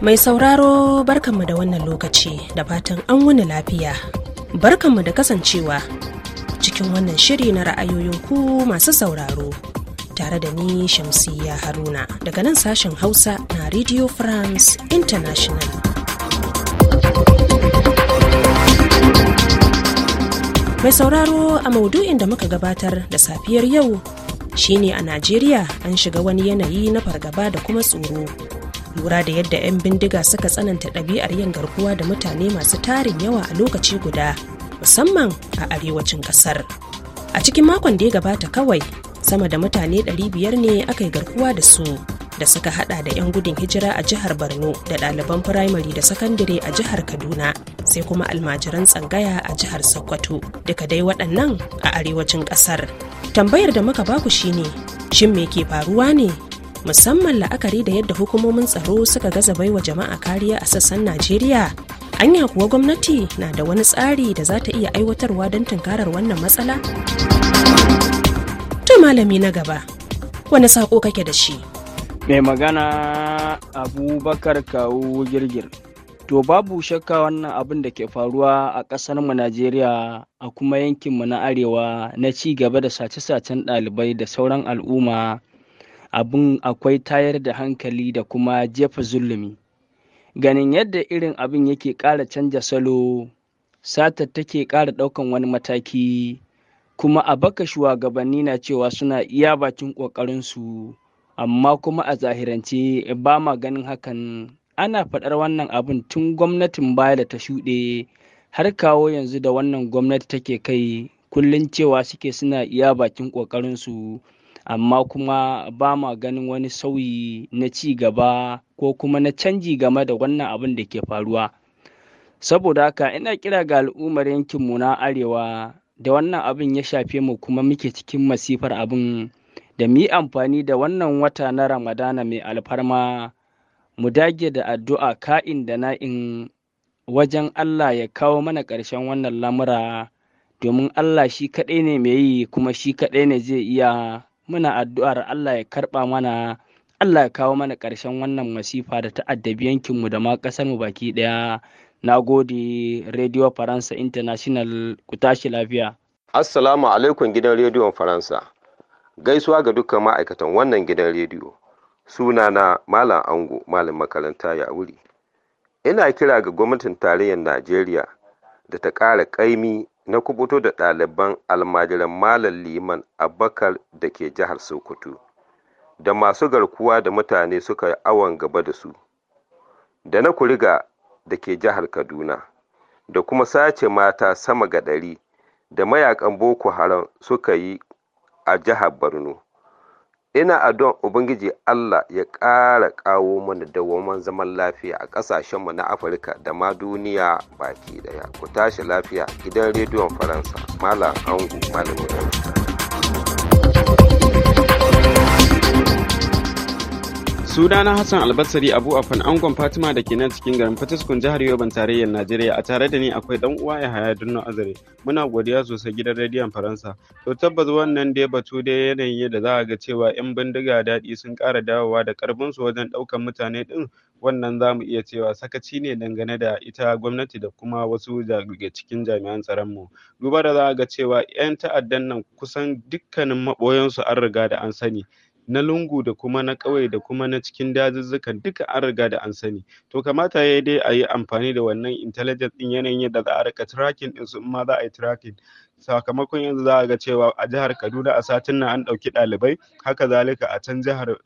Mai sauraro barkanmu da wannan lokaci da fatan an wuni lafiya. Barkanmu da kasancewa cikin wannan shiri na ra'ayoyin ku masu sauraro. Tare da ni Shamsiyya Haruna daga nan sashen Hausa na Radio France International. Mai sauraro a maudu'in da muka gabatar da safiyar yau shine a najeriya an shiga wani yanayi na fargaba da kuma tsoro lura da yadda 'yan bindiga suka tsananta ɗabi'ar yin garkuwa da mutane masu tarin yawa a lokaci guda musamman a arewacin ƙasar a cikin makon da ya gabata kawai sama da mutane 500 ne aka yi garkuwa da su da suka hada da 'yan gudun hijira a jihar borno da ɗaliban firamare da sakandare a jihar kaduna sai kuma almajiran tsangaya a jihar sokoto duka dai waɗannan a arewacin ƙasar tambayar da muka baku shine shin me ke faruwa ne musamman la'akari da yadda hukumomin tsaro suka gaza baiwa jama'a kariya a sassan najeriya anya kuwa gwamnati na da wani tsari da za ta iya aiwatarwa don tunkarar wannan matsala to malami na gaba wani sako kake da shi mai magana abubakar kawo girgir To babu shakka wannan abin da ke faruwa a ƙasar mu Najeriya a kuma yankin mu na Arewa na ci gaba da sace-sacen ɗalibai da sauran al'umma abin akwai tayar da hankali da kuma jefa zulumi. Ganin yadda irin abin yake ƙara canja salo, satar take ƙara ɗaukan wani mataki, kuma a baka shugabanni na cewa suna iya bakin ƙoƙarinsu, amma kuma a zahirance ba ma ganin hakan ana faɗar wannan abin tun gwamnatin baya da ta shuɗe har kawo yanzu da wannan gwamnati take kai kullum cewa suke suna iya bakin ƙoƙarinsu amma kuma ba ma ganin wani sauyi na ci gaba ko kuma na canji game da wannan abin da ke faruwa saboda haka ina kira ga al'ummar yankinmu na arewa da wannan abin ya shafe mu kuma muke cikin masifar abin da mu yi amfani da wannan wata na ramadana mai alfarma mu dage da addu'a ka'in da na'in wajen Allah ya kawo mana ƙarshen wannan lamura domin Allah shi kaɗai ne mai yi kuma shi kaɗai ne zai iya muna addu'ar Allah ya karɓa mana Allah ya kawo mana ƙarshen wannan masifa da ta'addabi yankinmu da ma ƙasarmu baki ɗaya na gode Radio Faransa International ku tashi lafiya. Assalamu alaikum gidan rediyon Faransa. Gaisuwa ga dukkan ma'aikatan wannan gidan rediyo. sunana malam ango malam makaranta ya wuri ina kira ga gwamnatin tarayyar najeriya da ta ƙara ƙaimi na kubuto da ɗaliban almajiran malam liman abakar da ke jihar sokoto da masu garkuwa da mutane suka yi awon gaba da su da na kuriga da ke jihar kaduna da kuma sace mata sama ga ɗari da mayakan boko haram suka yi a jihar borno ina addu'ar ubangiji allah ya ƙara kawo mana dawoman zaman lafiya a ƙasashenmu na afirka da ma duniya baki daya ku tashi lafiya gidan rediyon faransa malam angu malamin Sunana Hassan Albasari Abu Afan Angon Fatima da ke nan cikin garin Fataskun jihar Yoban tarayyar Najeriya a tare da ni akwai dan uwa ya haya Dunno Azare. Muna godiya sosai gidan rediyon Faransa. To tabbas wannan dai batu dai yanayin da za a ga cewa yan bindiga daɗi sun ƙara dawowa da ƙarfinsu wajen ɗaukan mutane ɗin wannan za mu iya cewa sakaci ne dangane da ita gwamnati da kuma wasu daga cikin jami'an tsaron mu. Duba da za a ga cewa 'yan ta'addan nan kusan dukkanin maɓoyansu an riga da an sani. na lungu da kuma na ƙauye da kuma na cikin dazuzzuka duka an riga da an sani to kamata ya dai a yi amfani da wannan intelligence ɗin yanayin yadda za a rika tracking din su in ma za a yi tracking sakamakon yanzu za a ga cewa a jihar Kaduna a satin nan an ɗauki ɗalibai haka zalika a can jihar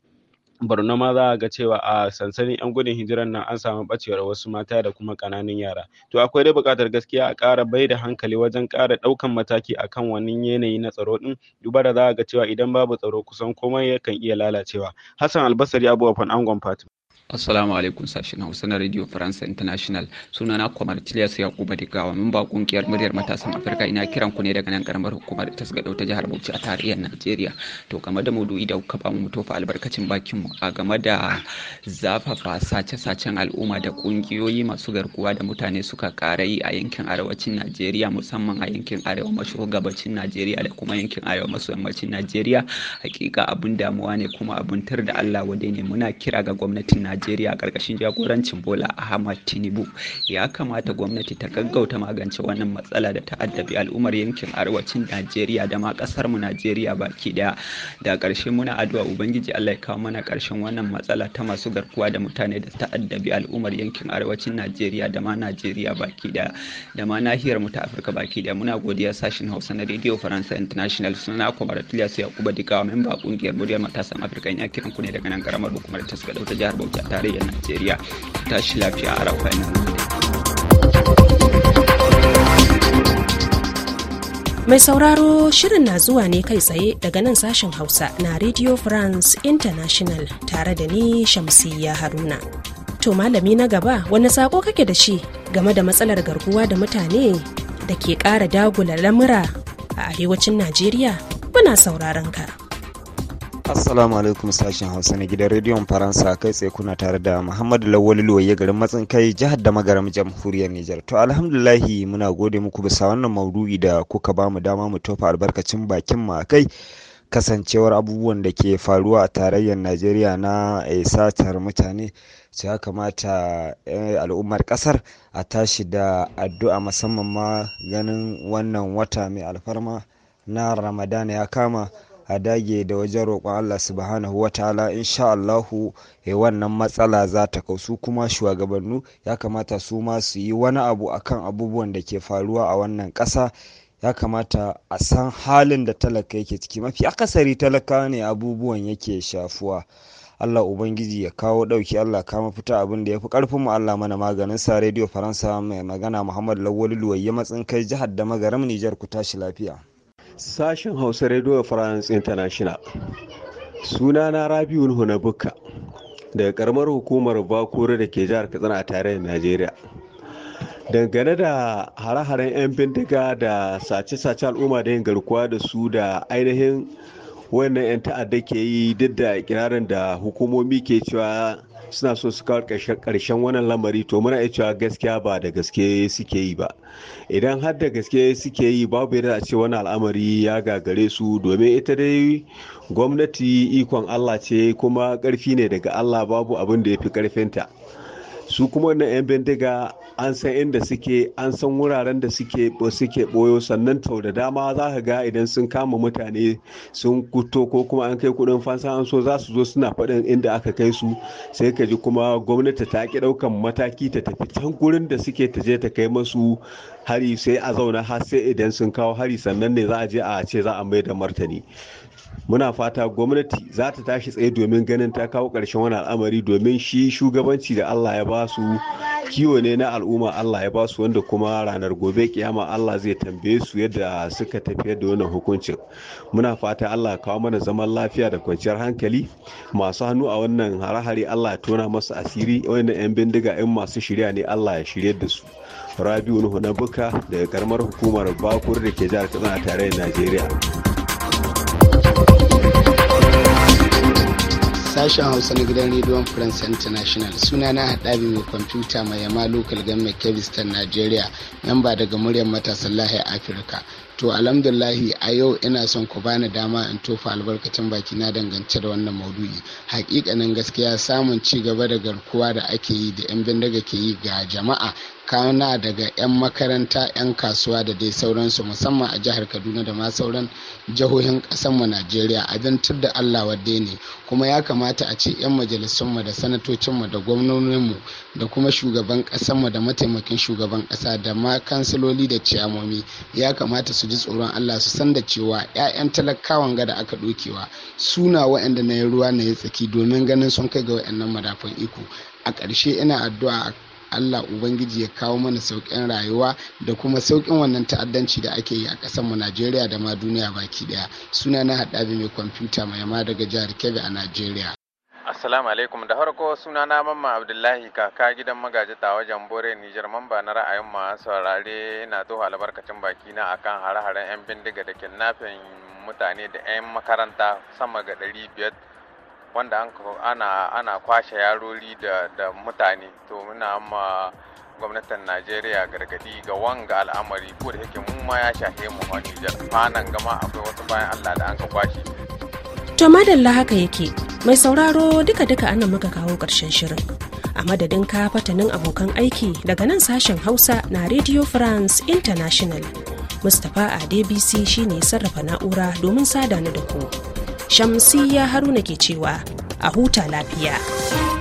Borno ma za ga cewa a sansanin 'yan gudun hijiran nan an samu bacewar wasu mata da kuma ƙananan yara. To akwai dai buƙatar gaskiya a ƙara bai da hankali wajen ƙara ɗaukan mataki akan wani yanayi na tsaro ɗin duba da za ga cewa idan babu tsaro kusan komai yakan iya lalacewa. Hassan Albasari Abubakar angon Fatima. Assalamu alaikum sashen Hausa na Radio France International. Suna na Kwamar Tilias Yakuba Digawa, mun ba kungiyar muryar matasan Afirka ina kiran ku ne daga nan karamar hukumar ta ga ta jihar Bauchi a tarihin Najeriya. To game da maudu'i da kuka ba mu fa albarkacin bakin mu a game da zafafa sace-sacen al'umma da kungiyoyi masu garkuwa da mutane suka karayi a yankin arewacin Najeriya musamman a yankin arewa maso gabacin Najeriya da kuma yankin arewa maso yammacin Najeriya. Hakika abun damuwa ne kuma abun tar da Allah wadai ne muna kira ga gwamnatin Najeriya Najeriya ƙarƙashin jagorancin Bola Ahmad Tinubu ya kamata gwamnati ta gaggauta magance wannan matsala da ta addabi al'ummar yankin arewacin Najeriya da ma ƙasar mu Najeriya baki daya da ƙarshe muna addu'a ubangiji Allah ya kawo mana ƙarshen wannan matsala ta masu garkuwa da mutane da ta addabi al'ummar yankin arewacin Najeriya da ma Najeriya baki daya da ma nahiyar mu ta Afirka baki daya muna godiya sashen Hausa na Radio France International suna ku Baratuliya ya Yakuba Dikawa memba kungiyar muryar matasan Afirka ina kiran ku ne daga nan karamar hukumar ta suka dauta jihar Bauchi tarayyar najeriya tashi lafiya a rafa'inan mai sauraro shirin na zuwa ne kai tsaye daga nan sashen hausa na radio france international tare da ni shamsiyya haruna to malami na gaba wani sako kake da shi game da matsalar garkuwa da mutane da ke ƙara dagula lamura a arewacin najeriya muna sauraron ka Assalamu alaikum sashen Hausa na gidan rediyon Faransa kai tsaye kuna tare da Muhammadu Lawal ya garin matsin kai jihar da magaram jamhuriyar Nijar. To alhamdulahi muna gode muku bisa wannan maudu'i da kuka ba mu dama mu tofa albarkacin bakin mu kai kasancewar abubuwan da ke faruwa a tarayyar Najeriya na eh, satar mutane. su ya kamata eh, al'ummar kasar a tashi da addu'a musamman ma ganin wannan wata mai alfarma na Ramadana ya kama. a dage da wajen roƙon Allah subhanahu wa ta'ala insha Allahu eh wannan matsala za ta kau kuma shugabannu ya kamata su ma su yi wani abu akan abubuwan da ke faruwa a wannan ƙasa ya kamata a san halin da talaka yake ciki mafi akasari talaka ne abubuwan yake shafuwa Allah Ubangiji ya kawo ɗauki Allah ka fita abin da ya fi ƙarfin mu Allah mana maganin sa Radio Faransa mai magana Muhammad Lawal Luwayye matsin kai jihar da magaram Nijar ku tashi lafiya. Sashen Hausa Radio France International. suna Sunana Rabiul Hunabuka daga karamar hukumar Bakure da ke jihar Katsina a tarayyar Najeriya. Dangane da hare-haren 'yan bindiga da sace-sace al'umma da yin garkuwa da su da ainihin wannan 'yan ta'adda ke yi duk da kirarin da hukumomi ke cewa suna so su kawo karshen wannan lamari to muna iya cewa gaskiya ba da gaske suke yi ba idan har da gaske suke yi babu yadda a ce wani al'amari ya gagare su domin ita dai gwamnati ikon allah ce kuma karfi ne daga allah babu abin da ya fi ƙarfinta su kuma wannan 'yan bindiga an san inda suke an san wuraren da suke suke boyo sannan tau da dama za ka ga idan sun kama mutane sun kuto ko kuma an kai kudin fansa an so za su zo suna faɗin inda aka kai su sai ka ji kuma gwamnati ta ki ɗaukan mataki ta tafi can gurin da suke ta je ta kai masu hari sai a zauna har sai idan sun kawo hari sannan ne za a je a ce za a mai da martani muna fata gwamnati za ta tashi tsaye domin ganin ta kawo ƙarshen wani al'amari domin shi shugabanci da allah ya ba su kiwo ne na al'umma allah ya ba su wanda kuma ranar gobe kiyama allah zai tambaye su yadda suka tafiyar da wannan hukuncin muna fata allah kawo mana zaman lafiya da kwanciyar hankali masu hannu a wannan hare-hare allah ya tona masu asiri wannan 'yan bindiga 'yan masu shirya ne allah ya shirya da su rabiu nuhu na buka daga karamar hukumar bakur da ke jihar katsina tarayyar najeriya sashen hausa na gidan rediyon france international suna na haɗabi mai kwamfuta mai yama local government kebistan nigeria yamba daga muryar matasan lahiyar afirka to alhamdulahi a yau ina son ku bani dama in tofa albarkacin baki na dangance da wannan maudu'i hakikanin gaskiya samun ci gaba da garkuwa da ake yi da 'yan bindiga ke yi ga jama'a kana daga 'yan makaranta 'yan kasuwa da dai sauransu musamman a jihar kaduna da ma sauran jihohin mu najeriya abin da allah wadde ne kuma ya kamata a ce 'yan majalisunmu da sanatocinmu da gwamnoninmu da kuma shugaban ƙasanmu da mataimakin shugaban ƙasa da ma kansiloli da ciyamomi ya kamata su ji tsoron Allah su san da cewa 'ya'yan talakawan gada aka dokewa suna waɗanda na yi ruwa na yi tsaki domin ganin sun kai ga waɗannan madafan iko a ƙarshe ina addu'a Allah Ubangiji ya kawo mana sauƙin rayuwa da kuma sauƙin wannan ta'addanci da ake yi a ƙasar mu Najeriya da ma duniya baki ɗaya. Suna na haɗabi mai kwamfuta mai ma daga jihar Kebbi a Najeriya. Assalamu alaikum da harko suna na mamma Abdullahi kaka gidan magaji ta wajen bore Nijar mamba na ra'ayin ma saurare na to albarkacin baki na akan hare-haren 'yan bindiga da kinnafin mutane da 'yan makaranta sama ga 500 wanda ana, ana kwashe yarori da, da mutane to muna ma gwamnatin Najeriya gargadi ga wanga al'amari ko da yake mu ma ya shahe mu a Nijar fanan gama akwai wasu bayan Allah da an ka kwashe To madalla haka yake mai sauraro duka-duka ana muka kawo ƙarshen shirin. A madadin ka fatanin abokan aiki daga nan sashen Hausa na Radio France International. Mustapha Adebisi ne sarrafa na'ura domin sada na da ku. Shamsiyya Haruna ke cewa a huta lafiya.